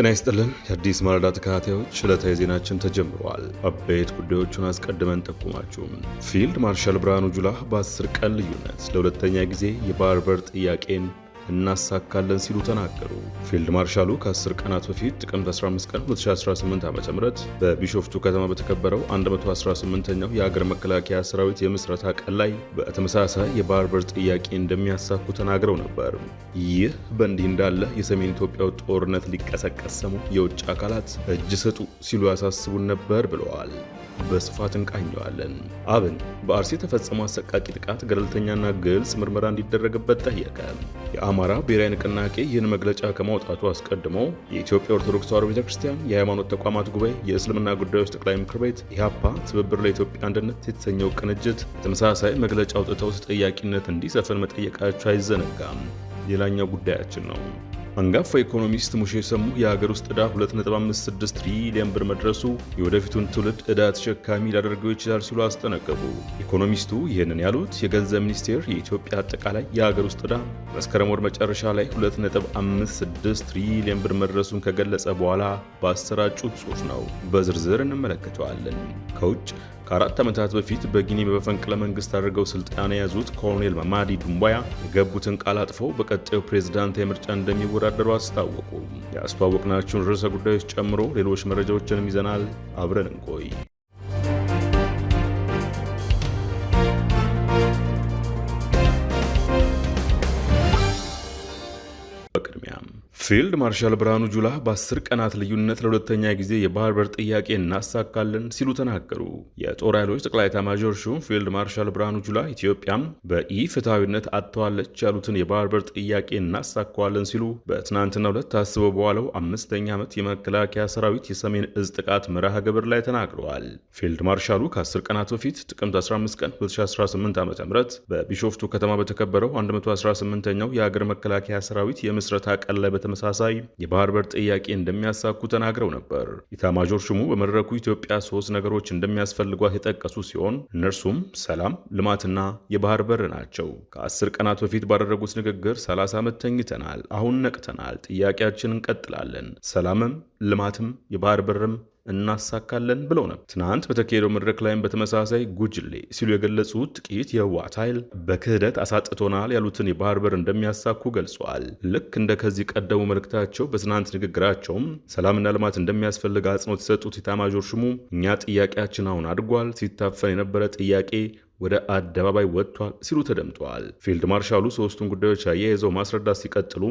ጤና ይስጥልን የአዲስ ማለዳ ተከታታዮች፣ ዕለታዊ ዜናችን ተጀምረዋል። አበይት ጉዳዮቹን አስቀድመን ጠቁማችሁ ፊልድ ማርሻል ብርሃኑ ጁላ በ10 ቀን ልዩነት ለሁለተኛ ጊዜ የባህር በር ጥያቄን እናሳካለን ሲሉ ተናገሩ። ፊልድ ማርሻሉ ከ10 ቀናት በፊት ጥቅምት 15 ቀን 2018 ዓ ም በቢሾፍቱ ከተማ በተከበረው 118ኛው የአገር መከላከያ ሰራዊት የምስረታ ቀን ላይ በተመሳሳይ የባህር በር ጥያቄ እንደሚያሳኩ ተናግረው ነበር። ይህ በእንዲህ እንዳለ የሰሜን ኢትዮጵያው ጦርነት ሊቀሰቀስ ሰሞን የውጭ አካላት እጅ ስጡ ሲሉ ያሳስቡን ነበር ብለዋል። በስፋት እንቃኘዋለን። አብን በአርሲ የተፈጸመው አሰቃቂ ጥቃት ገለልተኛና ግልጽ ምርመራ እንዲደረግበት ጠየቀ። የአማራ ብሔራዊ ንቅናቄ ይህን መግለጫ ከማውጣቱ አስቀድሞ የኢትዮጵያ ኦርቶዶክስ ተዋሕዶ ቤተክርስቲያን የሃይማኖት ተቋማት ጉባኤ፣ የእስልምና ጉዳዮች ጠቅላይ ምክር ቤት፣ ኢህአፓ፣ ትብብር ለኢትዮጵያ አንድነት የተሰኘው ቅንጅት ተመሳሳይ መግለጫ አውጥተው ተጠያቂነት እንዲሰፍን መጠየቃቸው አይዘነጋም። ሌላኛው ጉዳያችን ነው። አንጋፋ ኢኮኖሚስት ሙሼ ሰሙ የሀገር ውስጥ ዕዳ 2.56 ትሪሊየን ብር መድረሱ የወደፊቱን ትውልድ ዕዳ ተሸካሚ ሊያደርገው ይችላል ሲሉ አስጠነቀቁ። ኢኮኖሚስቱ ይህንን ያሉት የገንዘብ ሚኒስቴር የኢትዮጵያ አጠቃላይ የሀገር ውስጥ ዕዳ መስከረም ወር መጨረሻ ላይ 2.56 ትሪሊየን ብር መድረሱን ከገለጸ በኋላ ባሰራጩት ጽሑፍ ነው። በዝርዝር እንመለከተዋለን። ከውጭ ከአራት ዓመታት በፊት በጊኒ በመፈንቅለ መንግስት አድርገው ስልጣን የያዙት ኮሎኔል ማማዲ ዱምባያ የገቡትን ቃል አጥፈው በቀጣዩ ፕሬዝዳንት ምርጫ እንደሚወዳደሩ አስታወቁ። ያስተዋወቅናችሁን ርዕሰ ጉዳዮች ጨምሮ ሌሎች መረጃዎችንም ይዘናል። አብረን እንቆይ። ፊልድ ማርሻል ብርሃኑ ጁላ በአስር ቀናት ልዩነት ለሁለተኛ ጊዜ የባህር በር ጥያቄ እናሳካለን ሲሉ ተናገሩ። የጦር ኃይሎች ጠቅላይ ኤታማዦር ሹም ፊልድ ማርሻል ብርሃኑ ጁላ ኢትዮጵያም በኢ ፍትሐዊነት አጥተዋለች ያሉትን የባህር በር ጥያቄ እናሳካዋለን ሲሉ በትናንትናው ዕለት ታስበው በዋለው አምስተኛ ዓመት የመከላከያ ሰራዊት የሰሜን እዝ ጥቃት መርሃ ግብር ላይ ተናግረዋል። ፊልድ ማርሻሉ ከአስር ቀናት በፊት ጥቅምት 15 ቀን 2018 ዓ ም በቢሾፍቱ ከተማ በተከበረው 118ኛው የአገር መከላከያ ሰራዊት የምስረታ ቀን ላይ በተመ በተመሳሳይ የባህር በር ጥያቄ እንደሚያሳኩ ተናግረው ነበር። ኢታማዦር ሹሙ በመድረኩ ኢትዮጵያ ሶስት ነገሮች እንደሚያስፈልጓት የጠቀሱ ሲሆን እነርሱም ሰላም፣ ልማትና የባህር በር ናቸው። ከአስር ቀናት በፊት ባደረጉት ንግግር 30 ዓመት ተኝተናል፣ አሁን ነቅተናል፣ ጥያቄያችን እንቀጥላለን። ሰላምም ልማትም የባህር በርም እናሳካለን ብለው ነበር። ትናንት በተካሄደው መድረክ ላይም በተመሳሳይ ጉጅሌ ሲሉ የገለጹት ጥቂት የህወሓት ኃይል በክህደት አሳጥቶናል ያሉትን የባህር በር እንደሚያሳኩ ገልጿል። ልክ እንደ ከዚህ ቀደሙ መልእክታቸው በትናንት ንግግራቸውም ሰላምና ልማት እንደሚያስፈልግ አጽንኦት የሰጡት የኤታማዦር ሹሙ እኛ ጥያቄያችን አሁን አድጓል፣ ሲታፈን የነበረ ጥያቄ ወደ አደባባይ ወጥቷል ሲሉ ተደምጠዋል። ፊልድ ማርሻሉ ሶስቱን ጉዳዮች አያይዘው ማስረዳት ሲቀጥሉ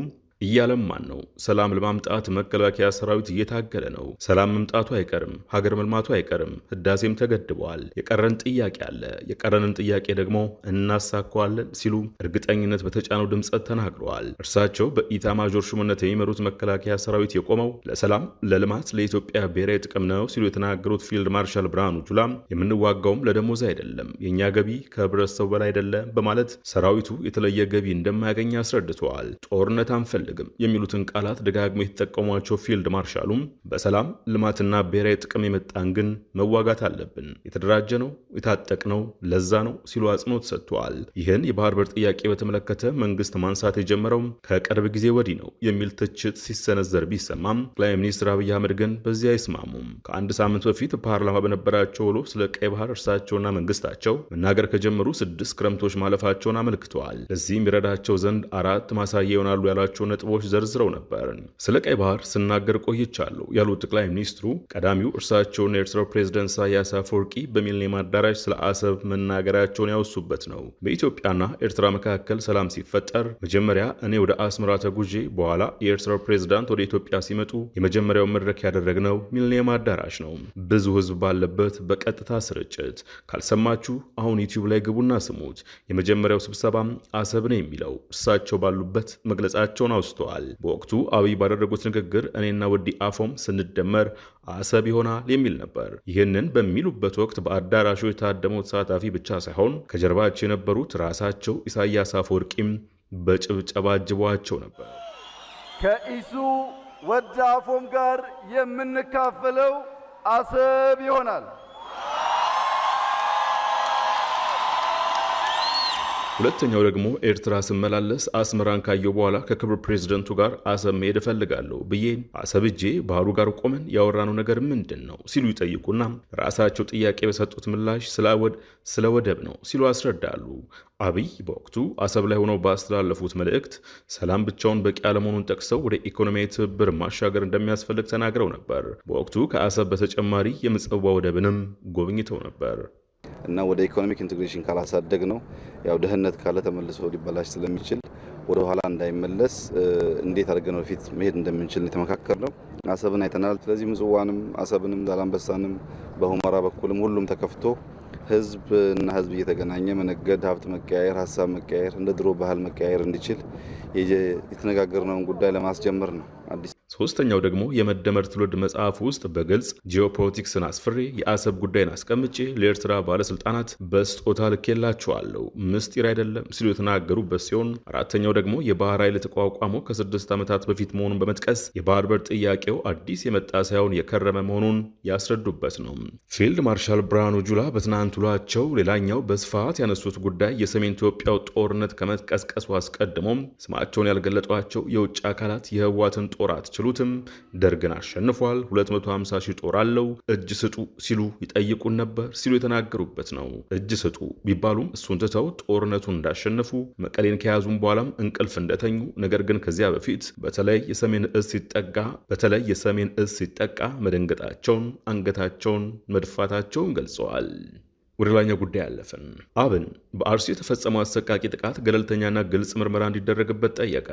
እያለማን ነው። ሰላም ለማምጣት መከላከያ ሰራዊት እየታገለ ነው። ሰላም መምጣቱ አይቀርም። ሀገር መልማቱ አይቀርም። ህዳሴም ተገድበዋል። የቀረን ጥያቄ አለ። የቀረንን ጥያቄ ደግሞ እናሳካዋለን ሲሉ እርግጠኝነት በተጫነው ድምፀት ተናግረዋል። እርሳቸው በኢታማዦር ሹምነት የሚመሩት መከላከያ ሰራዊት የቆመው ለሰላም፣ ለልማት፣ ለኢትዮጵያ ብሔራዊ ጥቅም ነው ሲሉ የተናገሩት ፊልድ ማርሻል ብርሃኑ ጁላም የምንዋጋውም ለደሞዝ አይደለም፣ የእኛ ገቢ ከህብረተሰቡ በላይ አይደለም በማለት ሰራዊቱ የተለየ ገቢ እንደማያገኝ አስረድተዋል። ጦርነት አንፈል አንፈልግም የሚሉትን ቃላት ደጋግሞ የተጠቀሟቸው ፊልድ ማርሻሉም በሰላም ልማትና ብሔራዊ ጥቅም የመጣን ግን መዋጋት አለብን፣ የተደራጀ ነው፣ የታጠቅ ነው፣ ለዛ ነው ሲሉ አጽንኦት ሰጥተዋል። ይህን የባህር በር ጥያቄ በተመለከተ መንግስት ማንሳት የጀመረው ከቅርብ ጊዜ ወዲህ ነው የሚል ትችት ሲሰነዘር ቢሰማም ጠቅላይ ሚኒስትር አብይ አህመድ ግን በዚህ አይስማሙም። ከአንድ ሳምንት በፊት ፓርላማ በነበራቸው ውሎ ስለ ቀይ ባህር እርሳቸውና መንግስታቸው መናገር ከጀመሩ ስድስት ክረምቶች ማለፋቸውን አመልክተዋል። ለዚህም ይረዳቸው ዘንድ አራት ማሳያ ይሆናሉ ያሏቸውን ነጥቦች ዘርዝረው ነበር። ስለ ቀይ ባህር ስናገር ቆይቻለሁ ያሉት ጠቅላይ ሚኒስትሩ ቀዳሚው እርሳቸውና የኤርትራው ፕሬዝደንት ኢሳያስ አፈወርቂ በሚሊኒየም አዳራሽ ስለ አሰብ መናገራቸውን ያወሱበት ነው። በኢትዮጵያና ኤርትራ መካከል ሰላም ሲፈጠር መጀመሪያ እኔ ወደ አስመራ ተጉዤ በኋላ የኤርትራው ፕሬዝዳንት ወደ ኢትዮጵያ ሲመጡ የመጀመሪያው መድረክ ያደረግነው ሚሊኒየም አዳራሽ ነው። ብዙ ህዝብ ባለበት በቀጥታ ስርጭት ካልሰማችሁ አሁን ዩቲዩብ ላይ ግቡና ስሙት። የመጀመሪያው ስብሰባም አሰብ ነው የሚለው እርሳቸው ባሉበት መግለጻቸውን አውስ ወስቷል። በወቅቱ አብይ ባደረጉት ንግግር እኔና ወዲ አፎም ስንደመር አሰብ ይሆናል የሚል ነበር። ይህንን በሚሉበት ወቅት በአዳራሹ የታደመው ተሳታፊ ብቻ ሳይሆን ከጀርባቸው የነበሩት ራሳቸው ኢሳያስ አፈወርቂም በጭብጨባ ነበር። ከኢሱ ወዲ አፎም ጋር የምንካፈለው አሰብ ይሆናል ሁለተኛው ደግሞ ኤርትራ ስመላለስ አስመራን ካየው በኋላ ከክብር ፕሬዝደንቱ ጋር አሰብ መሄድ እፈልጋለሁ ብዬ አሰብ እጄ ባህሩ ጋር ቆመን ያወራነው ነገር ምንድን ነው ሲሉ ይጠይቁና ራሳቸው ጥያቄ በሰጡት ምላሽ ስለ ወደብ ነው ሲሉ አስረዳሉ። አብይ በወቅቱ አሰብ ላይ ሆነው ባስተላለፉት መልእክት ሰላም ብቻውን በቂ አለመሆኑን ጠቅሰው ወደ ኢኮኖሚያዊ ትብብር ማሻገር እንደሚያስፈልግ ተናግረው ነበር። በወቅቱ ከአሰብ በተጨማሪ የምጽዋ ወደብንም ጎብኝተው ነበር። እና ወደ ኢኮኖሚክ ኢንቴግሬሽን ካላሳደግ ነው ያው ድህነት ካለ ተመልሶ ሊበላሽ ስለሚችል ወደ ኋላ እንዳይመለስ እንዴት አድርገን ወደፊት መሄድ እንደምንችል የተመካከር ነው። አሰብን አይተናል። ስለዚህ ምጽዋንም፣ አሰብንም፣ ዛላንበሳንም በሁመራ በኩልም ሁሉም ተከፍቶ ህዝብ እና ህዝብ እየተገናኘ መነገድ፣ ሀብት መቀያየር፣ ሀሳብ መቀያየር፣ እንደ ድሮ ባህል መቀያየር እንዲችል የተነጋገርነውን ጉዳይ ለማስጀመር ነው አዲስ ሶስተኛው ደግሞ የመደመር ትውልድ መጽሐፍ ውስጥ በግልጽ ጂኦፖለቲክስን አስፍሬ የአሰብ ጉዳይን አስቀምጬ ለኤርትራ ባለስልጣናት በስጦታ ልኬላቸዋለሁ ምስጢር አይደለም ሲሉ የተናገሩበት ሲሆን አራተኛው ደግሞ የባህር ኃይል የተቋቋመው ከስድስት ዓመታት በፊት መሆኑን በመጥቀስ የባህር በር ጥያቄው አዲስ የመጣ ሳይሆን የከረመ መሆኑን ያስረዱበት ነው። ፊልድ ማርሻል ብርሃኑ ጁላ በትናንት ውሏቸው ሌላኛው በስፋት ያነሱት ጉዳይ የሰሜን ኢትዮጵያው ጦርነት ከመቀስቀሱ አስቀድሞም ስማቸውን ያልገለጧቸው የውጭ አካላት የህዋትን ጦር አትችሉ ሲሉትም ደርግን አሸንፏል፣ 250 ሺህ ጦር አለው፣ እጅ ስጡ ሲሉ ይጠይቁን ነበር ሲሉ የተናገሩበት ነው። እጅ ስጡ ቢባሉም እሱን ትተው ጦርነቱን እንዳሸነፉ መቀሌን ከያዙም በኋላም እንቅልፍ እንደተኙ ነገር ግን ከዚያ በፊት በተለይ የሰሜን እዝ ሲጠቃ በተለይ የሰሜን እዝ ሲጠቃ መደንገጣቸውን አንገታቸውን መድፋታቸውን ገልጸዋል። ወደ ላይኛው ጉዳይ አለፍን። አብን በአርሲ የተፈጸመው አሰቃቂ ጥቃት ገለልተኛና ግልጽ ምርመራ እንዲደረግበት ጠየቀ።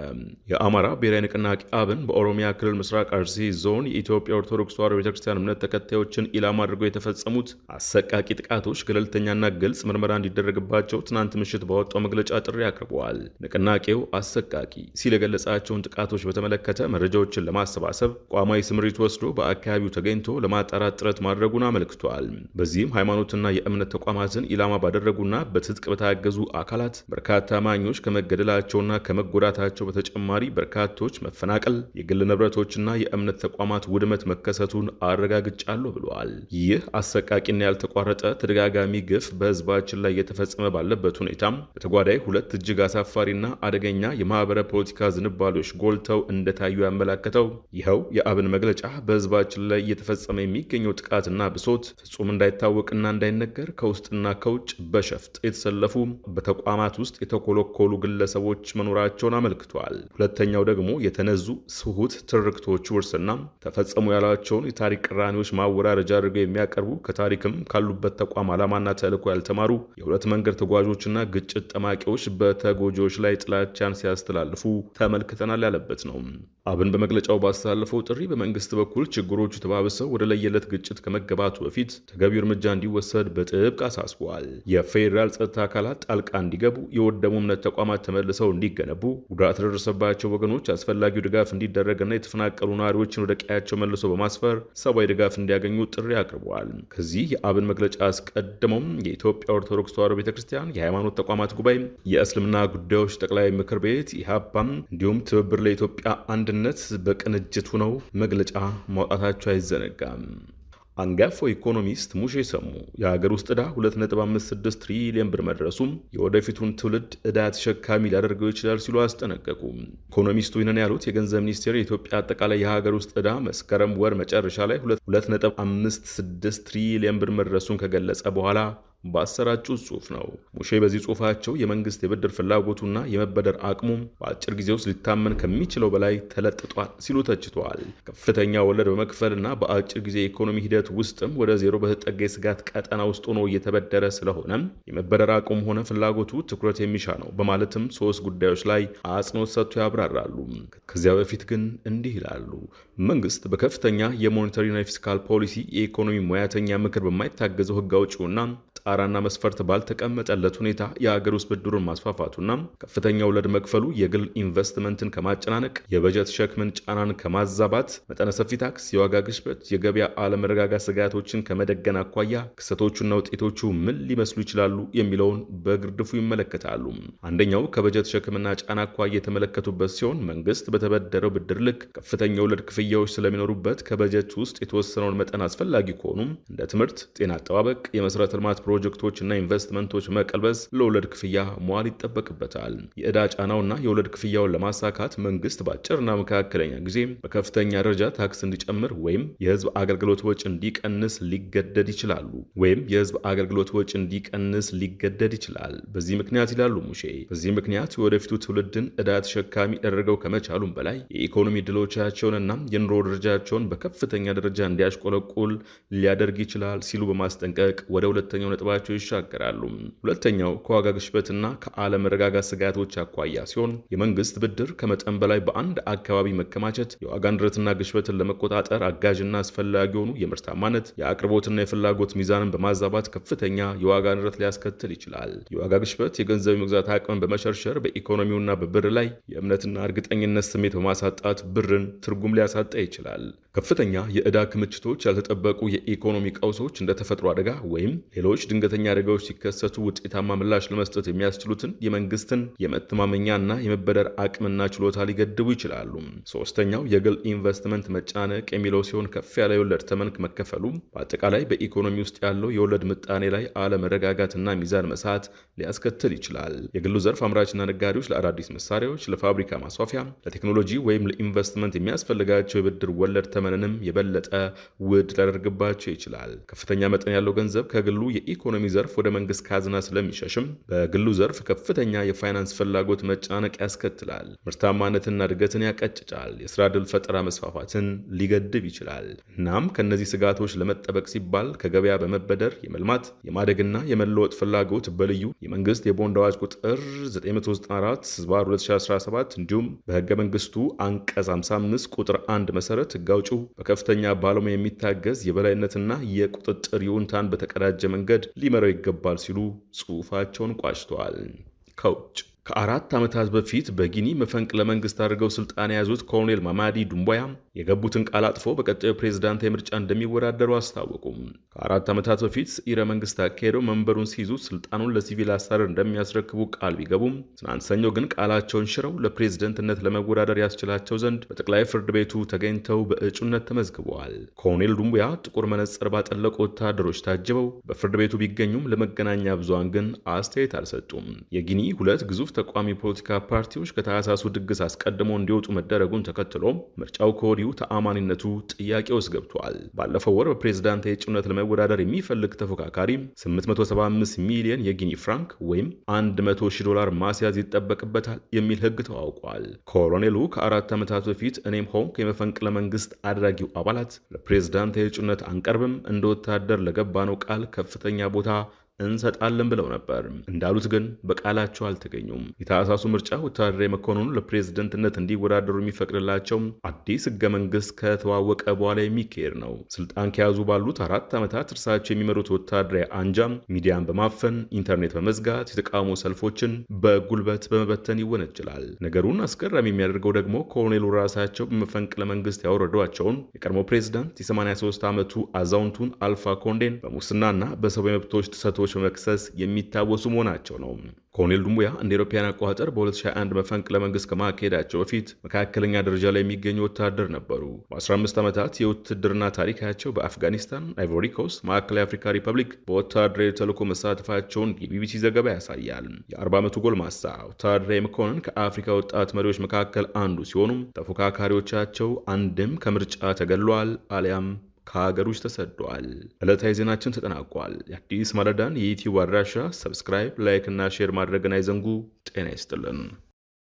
የአማራ ብሔራዊ ንቅናቄ አብን በኦሮሚያ ክልል ምስራቅ አርሲ ዞን የኢትዮጵያ ኦርቶዶክስ ተዋሕዶ ቤተክርስቲያን እምነት ተከታዮችን ኢላማ አድርገው የተፈጸሙት አሰቃቂ ጥቃቶች ገለልተኛና ግልጽ ምርመራ እንዲደረግባቸው ትናንት ምሽት ባወጣው መግለጫ ጥሪ አቅርበዋል። ንቅናቄው አሰቃቂ ሲል የገለጻቸውን ጥቃቶች በተመለከተ መረጃዎችን ለማሰባሰብ ቋማዊ ስምሪት ወስዶ በአካባቢው ተገኝቶ ለማጣራት ጥረት ማድረጉን አመልክቷል። በዚህም ሃይማኖትና የእምነት ተቋማትን ኢላማ ባደረጉና በትጥቅ በታገዙ አካላት በርካታ ማኞች ከመገደላቸውና ከመጎዳታቸው በተጨማሪ በርካቶች መፈናቀል፣ የግል ንብረቶችና የእምነት ተቋማት ውድመት መከሰቱን አረጋግጫለሁ ብለዋል። ይህ አሰቃቂና ያልተቋረጠ ተደጋጋሚ ግፍ በህዝባችን ላይ እየተፈጸመ ባለበት ሁኔታም በተጓዳይ ሁለት እጅግ አሳፋሪና አደገኛ የማህበረ ፖለቲካ ዝንባሌዎች ጎልተው እንደታዩ ያመላከተው ይኸው የአብን መግለጫ በህዝባችን ላይ እየተፈጸመ የሚገኘው ጥቃትና ብሶት ፍጹም እንዳይታወቅና እንዳይነገር ከ ከውስጥና ከውጭ በሸፍጥ የተሰለፉ በተቋማት ውስጥ የተኮለኮሉ ግለሰቦች መኖራቸውን አመልክቷል። ሁለተኛው ደግሞ የተነዙ ስሁት ትርክቶች ውርስና ተፈጸሙ ያሏቸውን የታሪክ ቅራኔዎች ማወራረጃ አድርገው የሚያቀርቡ ከታሪክም ካሉበት ተቋም ዓላማና ተልኮ ያልተማሩ የሁለት መንገድ ተጓዦችና ግጭት ጠማቂዎች በተጎጂዎች ላይ ጥላቻን ሲያስተላልፉ ተመልክተናል ያለበት ነው። አብን በመግለጫው ባስተላለፈው ጥሪ በመንግስት በኩል ችግሮቹ ተባብሰው ወደ ለየለት ግጭት ከመገባቱ በፊት ተገቢው እርምጃ እንዲወሰድ በጥብ በጥብቅ አሳስበዋል። የፌዴራል ጸጥታ አካላት ጣልቃ እንዲገቡ፣ የወደሙ እምነት ተቋማት ተመልሰው እንዲገነቡ፣ ጉዳት ለደረሰባቸው ወገኖች አስፈላጊው ድጋፍ እንዲደረግና የተፈናቀሉ ነዋሪዎችን ወደ ቀያቸው መልሶ በማስፈር ሰብአዊ ድጋፍ እንዲያገኙ ጥሪ አቅርበዋል። ከዚህ የአብን መግለጫ አስቀድሞም የኢትዮጵያ ኦርቶዶክስ ተዋሕዶ ቤተክርስቲያን የሃይማኖት ተቋማት ጉባኤ፣ የእስልምና ጉዳዮች ጠቅላይ ምክር ቤት ኢህአፓም፣ እንዲሁም ትብብር ለኢትዮጵያ አንድነት በቅንጅት ሆነው መግለጫ ማውጣታቸው አይዘነጋም። አንጋፋው ኢኮኖሚስት ሙሼ ሰሙ የሀገር ውስጥ ዕዳ 2.56 ትሪሊየን ብር መድረሱም የወደፊቱን ትውልድ ዕዳ ተሸካሚ ሊያደርገው ይችላል ሲሉ አስጠነቀቁ። ኢኮኖሚስቱ ይህንን ያሉት የገንዘብ ሚኒስቴር የኢትዮጵያ አጠቃላይ የሀገር ውስጥ ዕዳ መስከረም ወር መጨረሻ ላይ 2.56 ትሪሊየን ብር መድረሱን ከገለጸ በኋላ ባሰራጩ ጽሁፍ ነው። ሙሼ በዚህ ጽሁፋቸው የመንግስት የብድር ፍላጎቱና የመበደር አቅሙም በአጭር ጊዜ ውስጥ ሊታመን ከሚችለው በላይ ተለጥጧል ሲሉ ተችተዋል። ከፍተኛ ወለድ በመክፈልና በአጭር ጊዜ የኢኮኖሚ ሂደት ውስጥም ወደ ዜሮ በተጠጋ የስጋት ቀጠና ውስጥ ሆኖ እየተበደረ ስለሆነ የመበደር አቅሙም ሆነ ፍላጎቱ ትኩረት የሚሻ ነው በማለትም ሶስት ጉዳዮች ላይ አጽንኦት ሰጥቶ ያብራራሉ። ከዚያ በፊት ግን እንዲህ ይላሉ። መንግስት በከፍተኛ የሞኔታሪና የፊስካል ፖሊሲ የኢኮኖሚ ሙያተኛ ምክር በማይታገዘው ህግ አውጪውና ጣራና መስፈርት ባልተቀመጠለት ሁኔታ የሀገር ውስጥ ብድሩን ማስፋፋቱና ከፍተኛ ወለድ መክፈሉ የግል ኢንቨስትመንትን ከማጨናነቅ፣ የበጀት ሸክምን ጫናን ከማዛባት፣ መጠነ ሰፊ ታክስ፣ የዋጋ ግሽበት፣ የገበያ አለመረጋጋት ስጋቶችን ከመደገን አኳያ ክስተቶቹና ውጤቶቹ ምን ሊመስሉ ይችላሉ የሚለውን በግርድፉ ይመለከታሉ። አንደኛው ከበጀት ሸክምና ጫና አኳያ የተመለከቱበት ሲሆን መንግስት በተበደረው ብድር ልክ ከፍተኛ ወለድ ክፍያዎች ስለሚኖሩበት ከበጀት ውስጥ የተወሰነውን መጠን አስፈላጊ ከሆኑም እንደ ትምህርት፣ ጤና አጠባበቅ፣ የመሰረተ ልማት ፕሮጀክቶች እና ኢንቨስትመንቶች መቀልበስ ለወለድ ክፍያ መዋል ይጠበቅበታል። የዕዳ ጫናውና የወለድ ክፍያውን ለማሳካት መንግስት በአጭርና መካከለኛ ጊዜ በከፍተኛ ደረጃ ታክስ እንዲጨምር ወይም የህዝብ አገልግሎት ወጪ እንዲቀንስ ሊገደድ ይችላሉ ወይም የህዝብ አገልግሎት ወጪ እንዲቀንስ ሊገደድ ይችላል። በዚህ ምክንያት ይላሉ ሙሼ፣ በዚህ ምክንያት የወደፊቱ ትውልድን ዕዳ ተሸካሚ ያደርገው ከመቻሉም በላይ የኢኮኖሚ ድሎቻቸውንና የኑሮ ደረጃቸውን በከፍተኛ ደረጃ እንዲያሽቆለቁል ሊያደርግ ይችላል ሲሉ በማስጠንቀቅ ወደ ሁለተኛው ነጥብ ነጥባቸው ይሻገራሉ። ሁለተኛው ከዋጋ ግሽበትና ከአለመረጋጋት ስጋቶች አኳያ ሲሆን የመንግስት ብድር ከመጠን በላይ በአንድ አካባቢ መከማቸት የዋጋ ንረትና ግሽበትን ለመቆጣጠር አጋዥና አስፈላጊ የሆኑ የምርታማነት የአቅርቦትና የፍላጎት ሚዛንን በማዛባት ከፍተኛ የዋጋ ንረት ሊያስከትል ይችላል። የዋጋ ግሽበት የገንዘብ መግዛት አቅምን በመሸርሸር በኢኮኖሚውና በብር ላይ የእምነትና እርግጠኝነት ስሜት በማሳጣት ብርን ትርጉም ሊያሳጣ ይችላል። ከፍተኛ የዕዳ ክምችቶች፣ ያልተጠበቁ የኢኮኖሚ ቀውሶች እንደ ተፈጥሮ አደጋ ወይም ሌሎች ድንገተኛ አደጋዎች ሲከሰቱ ውጤታማ ምላሽ ለመስጠት የሚያስችሉትን የመንግስትን የመተማመኛና የመበደር አቅምና ችሎታ ሊገድቡ ይችላሉ። ሶስተኛው የግል ኢንቨስትመንት መጫነቅ የሚለው ሲሆን ከፍ ያለ የወለድ ተመን መከፈሉ በአጠቃላይ በኢኮኖሚ ውስጥ ያለው የወለድ ምጣኔ ላይ አለመረጋጋትና ሚዛን መሳት ሊያስከትል ይችላል። የግሉ ዘርፍ አምራችና ነጋዴዎች ለአዳዲስ መሳሪያዎች፣ ለፋብሪካ ማስፋፊያ፣ ለቴክኖሎጂ ወይም ለኢንቨስትመንት የሚያስፈልጋቸው የብድር ወለድ ተመንንም የበለጠ ውድ ሊያደርግባቸው ይችላል። ከፍተኛ መጠን ያለው ገንዘብ ከግሉ የኢኮ የኢኮኖሚ ዘርፍ ወደ መንግስት ካዝና ስለሚሸሽም በግሉ ዘርፍ ከፍተኛ የፋይናንስ ፍላጎት መጫነቅ ያስከትላል። ምርታማነትና እድገትን ያቀጭጫል። የስራ ዕድል ፈጠራ መስፋፋትን ሊገድብ ይችላል። እናም ከእነዚህ ስጋቶች ለመጠበቅ ሲባል ከገበያ በመበደር የመልማት የማደግና የመለወጥ ፍላጎት በልዩ የመንግስት የቦንድ አዋጅ ቁጥር 994/2017 እንዲሁም በህገ መንግስቱ አንቀጽ 55 ቁጥር 1 መሰረት ህግ አውጪው በከፍተኛ ባለሙያ የሚታገዝ የበላይነትና የቁጥጥር ይውንታን በተቀዳጀ መንገድ ሊመራው ይገባል ሲሉ ጽሑፋቸውን ቋጭተዋል። ከውጭ ከአራት ዓመታት በፊት በጊኒ መፈንቅለ መንግስት አድርገው ስልጣን የያዙት ኮሎኔል ማማዲ ዱምቦያ የገቡትን ቃል አጥፎ በቀጣዩ ፕሬዝዳንታዊ ምርጫ እንደሚወዳደሩ አስታወቁም። ከአራት ዓመታት በፊት ኢረ መንግስት አካሄደው መንበሩን ሲይዙ ስልጣኑን ለሲቪል አስተዳደር እንደሚያስረክቡ ቃል ቢገቡም ትናንት ሰኞ ግን ቃላቸውን ሽረው ለፕሬዝደንትነት ለመወዳደር ያስችላቸው ዘንድ በጠቅላይ ፍርድ ቤቱ ተገኝተው በእጩነት ተመዝግበዋል። ኮሎኔል ዱምቦያ ጥቁር መነጽር ባጠለቁ ወታደሮች ታጅበው በፍርድ ቤቱ ቢገኙም ለመገናኛ ብዙሃን ግን አስተያየት አልሰጡም። የጊኒ ሁለት ግዙፍ ተቋሚ ፖለቲካ ፓርቲዎች ከታህሳሱ ድግስ አስቀድሞ እንዲወጡ መደረጉን ተከትሎ ምርጫው ከወዲሁ ተአማኒነቱ ጥያቄ ውስጥ ገብቷል። ባለፈው ወር በፕሬዝዳንት እጩነት ለመወዳደር የሚፈልግ ተፎካካሪ 875 ሚሊዮን የጊኒ ፍራንክ ወይም 100 ሺህ ዶላር ማስያዝ ይጠበቅበታል የሚል ህግ ተዋውቋል። ኮሎኔሉ ከአራት ዓመታት በፊት እኔም ሆንኩ የመፈንቅለ መንግስት አድራጊው አባላት ለፕሬዝዳንት እጩነት አንቀርብም፣ እንደ ወታደር ለገባነው ቃል ከፍተኛ ቦታ እንሰጣለን ብለው ነበር። እንዳሉት ግን በቃላቸው አልተገኙም። የታህሳሱ ምርጫ ወታደራዊ መኮንኑ ለፕሬዝደንትነት እንዲወዳደሩ የሚፈቅድላቸው አዲስ ህገ መንግስት ከተዋወቀ በኋላ የሚካሄድ ነው። ስልጣን ከያዙ ባሉት አራት ዓመታት እርሳቸው የሚመሩት ወታደራዊ አንጃም ሚዲያን በማፈን ኢንተርኔት በመዝጋት የተቃውሞ ሰልፎችን በጉልበት በመበተን ይወነጅላል። ነገሩን አስገራሚ የሚያደርገው ደግሞ ኮሎኔሉ ራሳቸው በመፈንቅለ መንግስት ያወረዷቸውን የቀድሞ ፕሬዝደንት የ83 ዓመቱ አዛውንቱን አልፋ ኮንዴን በሙስናና በሰብአዊ መብቶች ጥሰቶ ድርጊቶች በመክሰስ የሚታወሱ መሆናቸው ነው። ኮሎኔል ዱሙያ እንደ አውሮፓውያን አቆጣጠር በ2021 መፈንቅለ መንግስት ከማካሄዳቸው በፊት መካከለኛ ደረጃ ላይ የሚገኙ ወታደር ነበሩ። በ15 ዓመታት የውትድርና ታሪካቸው በአፍጋኒስታን፣ አይቮሪ ኮስት፣ ማዕከላዊ አፍሪካ ሪፐብሊክ በወታደራዊ ተልዕኮ መሳተፋቸውን የቢቢሲ ዘገባ ያሳያል። የ40 ዓመቱ ጎልማሳ ወታደራዊ መኮንን ከአፍሪካ ወጣት መሪዎች መካከል አንዱ ሲሆኑም ተፎካካሪዎቻቸው አንድም ከምርጫ ተገሏል አሊያም ከሀገር ውጭ ተሰደዋል። ዕለታዊ ዜናችን ተጠናቋል። የአዲስ ማለዳን የዩቲዩብ አድራሻ ሰብስክራይብ፣ ላይክ እና ሼር ማድረግን አይዘንጉ። ጤና ይስጥልን።